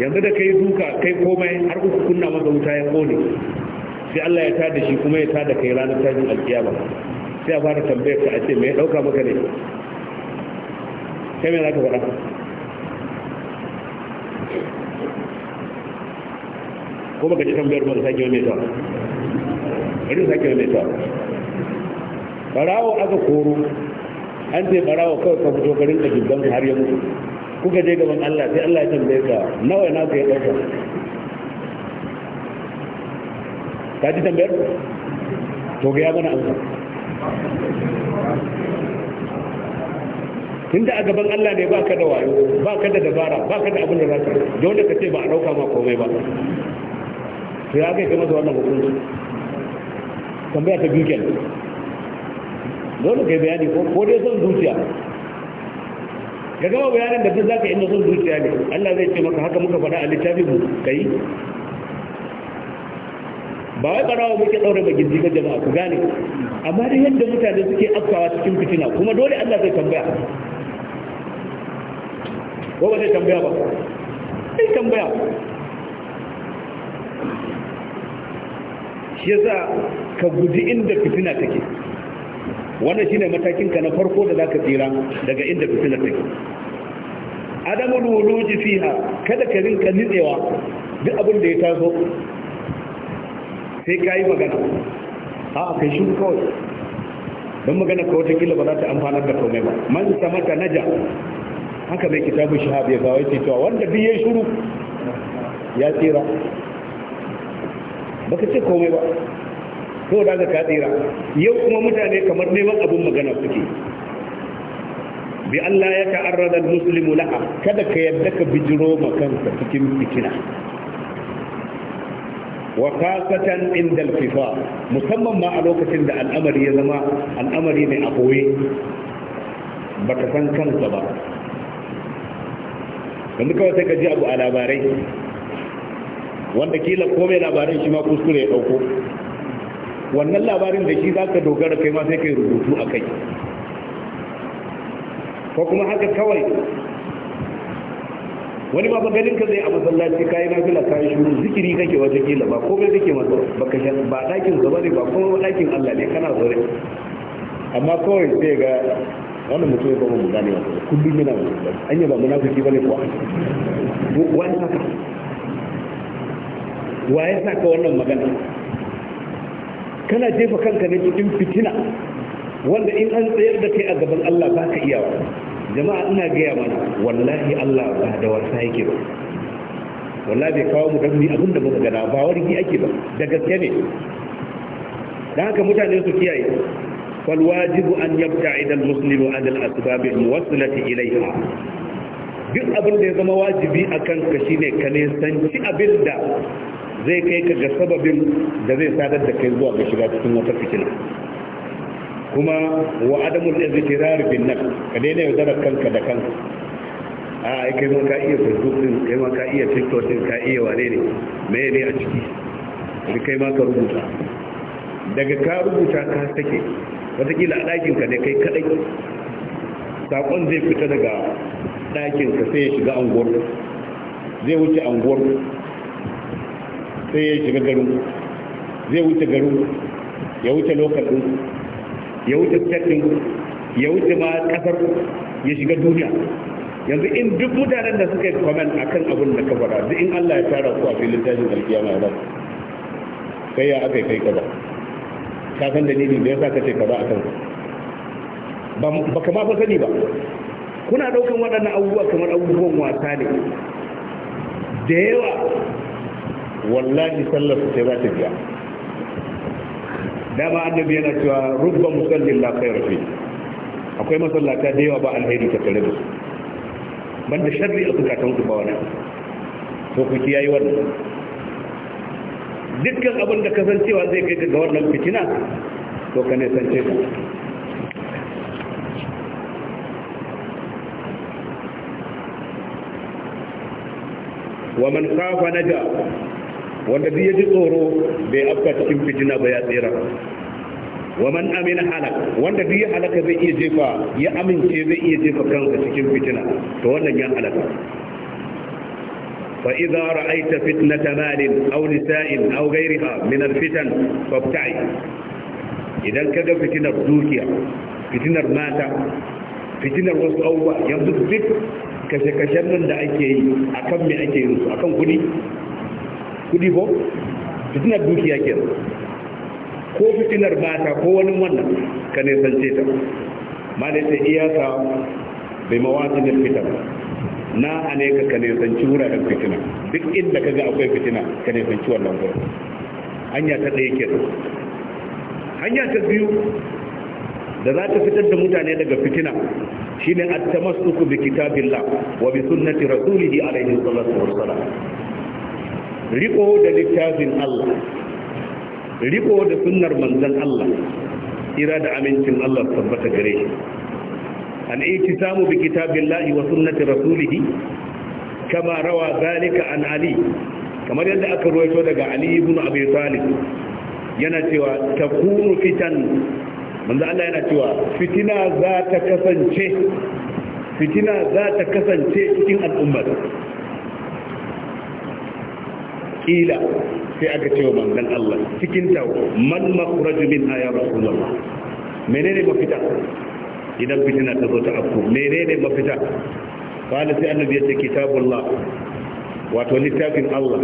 yanzu da kai duka kai komai har uku kunna maka wuta ya kone sai Allah ya tada shi kuma ya tada kai ranar tashin alkiyama sai a fara tambayar ka a ce mai dauka maka ne kai me zaka faɗa ko baka ji tambayar ba sake mai ta bari sake mai ta barawo aka koro an ce barawo kawai ka fito garin da dubban har ya mutu kuka je gaban Allah sai Allah ya tambaye ka nawa na ka ya dauka ka ji tambayar to ga ya mana amsa tun da a gaban Allah ne baka da wayo baka da dabara baka da abin da za ka da wanda ka ce ba a dauka ma komai ba to ya kai masa wannan hukunci tambaya ta biyu kenan dole kai bayani ko dai son zuciya Ka gama bayanin da duk zaka inda son zuciya ne Allah zai ce maka haka muka faɗa a littafin mu kai ba wai barawa muke daure ba gindi ba jama'a ku gane amma da yadda mutane suke afkawa cikin fitina kuma dole Allah zai tambaya ko ba zai tambaya ba sai tambaya shi yasa ka guji inda fitina take wannan shine matakin ka na farko da zaka tsira daga inda fitina take adamul wuluji fiha kada ka rinka nitsewa duk abin da ya taso sai ka yi magana ha kai shi kawai don magana ka watakila ba za ta amfana da komai ba man samata naja haka mai kitabu shahab ya kawai ce cewa wanda bi yayi shuru ya tsira ba ka ce komai ba ko da ka tsira yau kuma mutane kamar neman abin magana suke bi Allah ya ta'arrada muslimu laha kada ka yadda ka bijiro ma kanka cikin fitina wa kasatan inda alkifa musamman ma a lokacin da al'amari ya zama al'amari ne a koye ba ka san kansa ba yanzu kawai sai ka ji abu a labarai wanda kila komai labarin shi ma kuskure ya dauko wannan labarin da shi za ka dogara kai ma sai kai rubutu a kai ko kuma haka kawai wani ma ganin ka zai a masallaci kayi na fila kayi shuru zikiri kake wata kila ba komai kake masa baka ba ɗakin zama ne ba kuma ɗakin Allah ne kana zaure amma kawai sai ga wani mutum ya kuma mu gane wa kullum yana musulunci an yi ba munafiki ne kuwa wani haka wa ya saka wannan magana kana jefa kanka ne cikin fitina wanda in an tsayar da kai a gaban Allah ba ka iyawa jama'a ina gaya mana wallahi Allah ba da wasa yake ba wallahi bai kawo mu dabbi abin da muka gana ba wargi ake ba da gaske ne dan haka mutane su kiyaye fal wajibu an yabta'id al muslimu an al asbab al muwassilati ilayha duk abin da ya zama wajibi akan ka shine ka ne sanci abin da zai kai ka ga sababin da zai sadar da kai zuwa ga shiga cikin wata fitina kuma wa adamul izkirar bin nan, ka daina yaudarar kanka da kanka a kai ma ka iya facebook din kai ma ka iya tiktok din ka iya wane ne me ne a ciki da kai ma ka rubuta daga ka rubuta ka sake watakila a ɗakin ka ne kai kaɗai? sakon zai fita daga ɗakin ka sai ya shiga anguwar zai wuce anguwar sai ya shiga garin zai wuce garin ya wuce lokacin ya wuce cikin ya wuce ma kasar ya shiga duniya yanzu in duk mutanen da suka yi a kan abin da ka fara duk in Allah ya tara ku a filin tashin alkiya mai rasu kai ya aka kai kaza ka san dalilin da yasa ka ce kaza kan ba ka ba fa sani ba kuna daukan waɗannan abubuwa kamar abubuwan wasa ne da yawa wallahi sallar su ce za ta biya Ba an yana cewa rubba musallin la khayra fi akwai masallata da yawa ba alheri ta tare da su banda sharri a ta ku ba wani to ku kiyaye wannan dukkan abin da kasancewa zai kai ga wannan fitina to ka ne sance ka wa man khafa naja wanda duk ya ji tsoro bai afka cikin fitina ba ya tsira wa man amina halak wanda duk ya halaka zai iya jefa ya amince zai iya jefa kansa cikin fitina to wannan ya halaka فإذا رأيت فتنة مال أو نساء أو غيرها من الفتن فابتعد إذا كذا فتنة دوكيا فتنة ماتا فتنة وسأوبة يمدك duk kashe-kashen nan da ake yi a kan mai ake yin su a kan kudi kudi ko fitinar dukiya ke ko fitinar mata ko wani wannan ka ne ce ta malaita iyaka bai ne fitar na aneka ka ne san ci wuraren fitina duk inda ka ga akwai fitina ka ne ci wannan gurin hanya ta ɗaya ke hanya ta biyu da za ta fitar da mutane daga fitina shine at-tamassuku bi kitabillah wa bi sunnati rasulihi alaihi salatu wassalam riko da littafin Allah riko da sunnar manzan Allah ira da amincin Allah tabbata gare shi al-ihtisamu bi kitabillahi wa sunnati rasulihi kama rawa zalika an ali kamar yadda aka ruwaito daga ali ibn abi talib yana cewa takunu fitan manzo Allah yana cewa fitina za ta kasance fitina za ta kasance cikin al'ummar kila sai aka ce wa manzon Allah cikin ta man makhraju min ya rasulullah menene mafita idan fitina ta zo ta afku menene mafita qala sai annabi ya kitabullah wato littafin Allah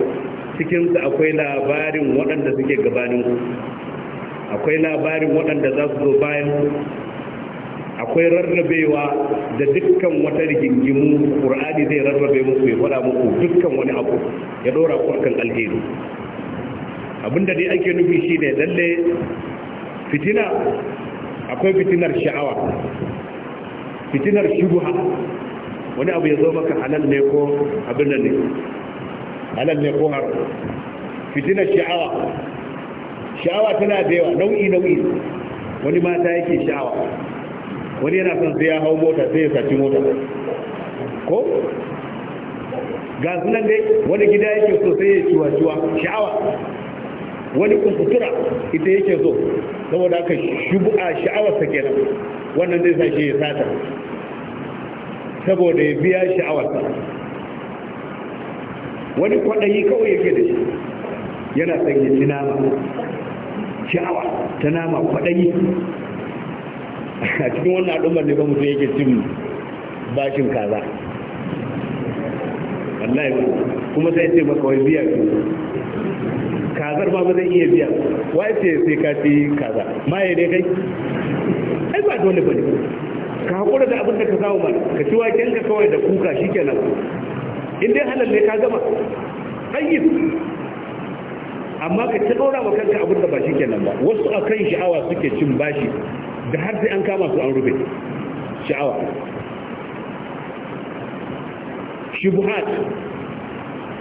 cikin sa akwai labarin waɗanda suke gabanin akwai labarin waɗanda za su zo bayan akwai rarrabewa da dukkan wata rigingimu qur'ani zai rarrabe muku ya faɗa muku dukkan wani abu ya ɗora ku akan alheri abinda dai ake nufi shi ne lalle fitina akwai fitinar sha'awa fitinar shubuha wani abu ya zo maka halal ne ko abin ne halal ne ko har fitinar sha'awa sha'awa tana da yawa nau'i nau'i wani mata yake sha'awa wani yana son sai ya hau mota sai ya saci mota ko ga sunan dai wani gida yake so sai ya ciwa-ciwa sha'awa wani kumfutura ita yake so saboda aka shubu'a sha'awarsa kenan wannan zai sa shi ya sata saboda ya biya sha'awarsa wani kwaɗayi kawai yake da shi yana sanya shi nama sha'awa ta nama kwaɗayi a cikin wannan al'ummar ne ba mutum yake cin bashin kaza wallahi kuma sai ce maka wai biya ce kazar ba ba zai iya biya wai ce sai ka ci kaza maye ne kai ai ba dole bane ka hakura da abin da ka samu ba. ka ci waken ka kawai da kuka shikenan in dai halal ne ka gama tayyib amma ka ci dora wa kanka abin da ba shikenan ba wasu akan sha'awa suke cin bashi da har sai an kama su an rufe sha'awa shubuhat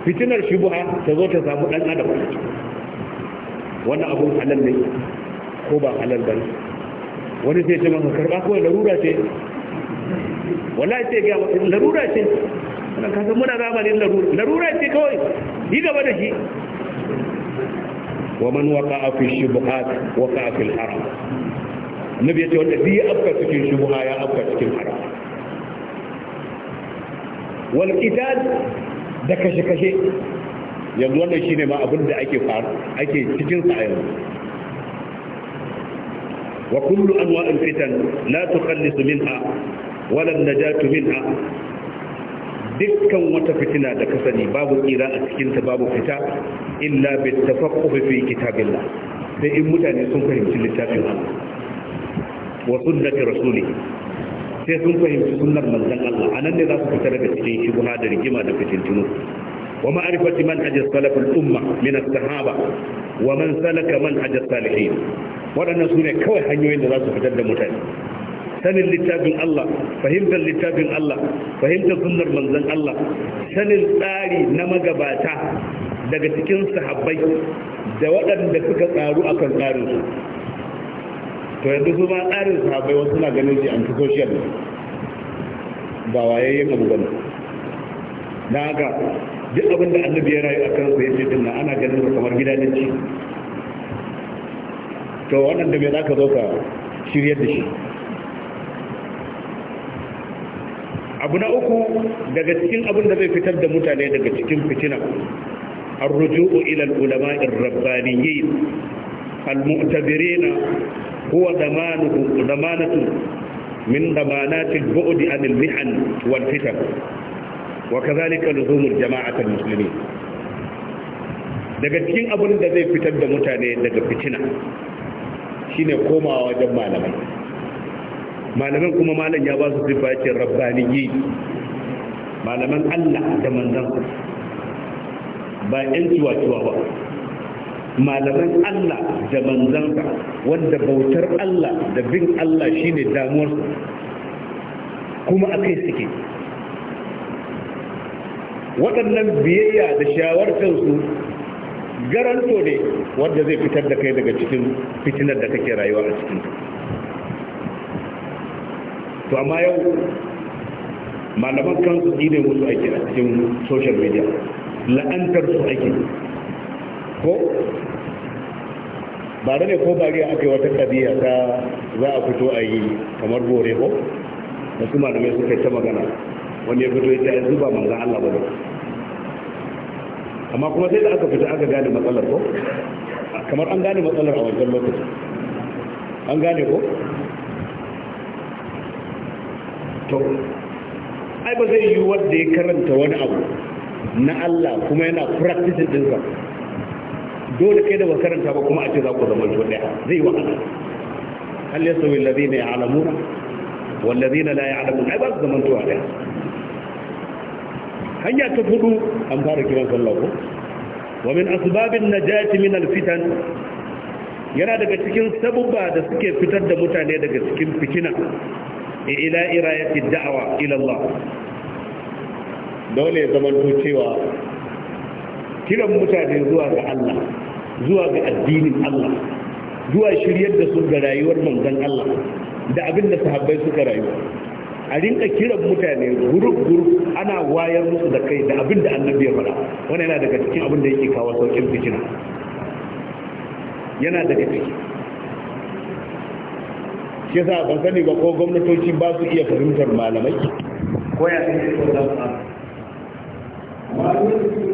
fitinar shubuha ta zo ta samu dan adam wannan abun halal ne ko ba halal ba wani sai ce maka karba kawai larura ce wallahi sai ga larura ce wannan kasan muna zamanin larura larura ce kawai yi gaba da shi wa man waqa'a fi shubuhat waqa'a fil haram annabi ya ce wanda zai afka cikin shubuha ya afka cikin wal da kashe kashe yanzu wannan shine ma abin da ake faru ake cikin sa yanzu wa kullu anwa'il fitan la tukhallisu minha wala najatu minha dukkan wata fitina da ka sani babu tsira a ta babu fita illa bi tafaqqufi fi kitabillah sai in mutane sun fahimci littafin Allah wa sunnati rasulihi sai sun fahimci sunnar manzon Allah anan ne za su fita daga cikin shubha da rigima da fitintunu wa ma'rifati manhaj salaf al-umma min as-sahaba wa man salaka manhaj as-salihin wadannan sune kawai hanyoyin da za su fitar da mutane sanin littafin Allah fahimtar littafin Allah fahimtar sunnar manzon Allah sanin tsari na magabata daga cikin sahabbai da waɗanda suka tsaru akan tsarin su to yanzu su ma tsarin sahabbai wasu suna ganin shi anti social ba yin abu bane na haka duk abin da annabi ya rayu a kansa ya ce ana ganin sa kamar gidajen ci to wannan da me za ka zo ka shiryar da shi abu na uku daga cikin abin da zai fitar da mutane daga cikin fitina الرجوع إلى العلماء الربانيين المؤتبرين huwa damanuhu damanatu min damanatil bu'di anil mihan wal fitan wa kadhalika luzumul jama'atul muslimin daga cikin abin da zai fitar da mutane daga fitina shine komawa wajen malamai malaman kuma malam ya ba su sifa yake rabbaniyi malaman Allah da manzansa ba 'yan ciwa-ciwa ba malaman Allah da manzansa wanda bautar Allah da bin Allah shine su, kuma akai suke waɗannan biyayya da su garanto ne wanda zai fitar da kai daga cikin fitinar da kake rayuwa a cikin to amma yau malaman kansu ne musu aiki a cikin social media la'antar su aiki ko ba da ne ko ga aka yi wata kadiya ta za a fito a yi kamar gore ko da su malamai suka yi ta magana wani ya fito ya ce yanzu ba manzan Allah ba amma kuma sai da aka fito aka gane matsalar ko kamar an gane matsalar a wancan lokaci an gane ko to ai ba zai yi wanda ya karanta wani abu na Allah kuma yana practice din dole kai da ba karanta ba kuma a ce za ku zama to daya zai wa Allah hal yasawi alladhina ya'lamuna wal ladhina la ya'lamuna ai ba su zama to daya hanya ta hudu an fara kiran sallah ko wa min asbabin najati min alfitan yana daga cikin sabubba da suke fitar da mutane daga cikin fitina ila irayati da'awa ila Allah dole ya zama cewa kiran mutane zuwa ga Allah zuwa ga addinin Allah zuwa shiryar da su ga rayuwar manzon Allah da abin da sahabbai suka rayu a rinka kiran mutane guruf-guruf ana wayar musu da kai da abin da annabi ya faɗa wani yana daga cikin abin da yake kawo saukin fitina yana daga ciki shi yasa ban sani ba ko gwamnatoci ba su iya fahimtar malamai ko ya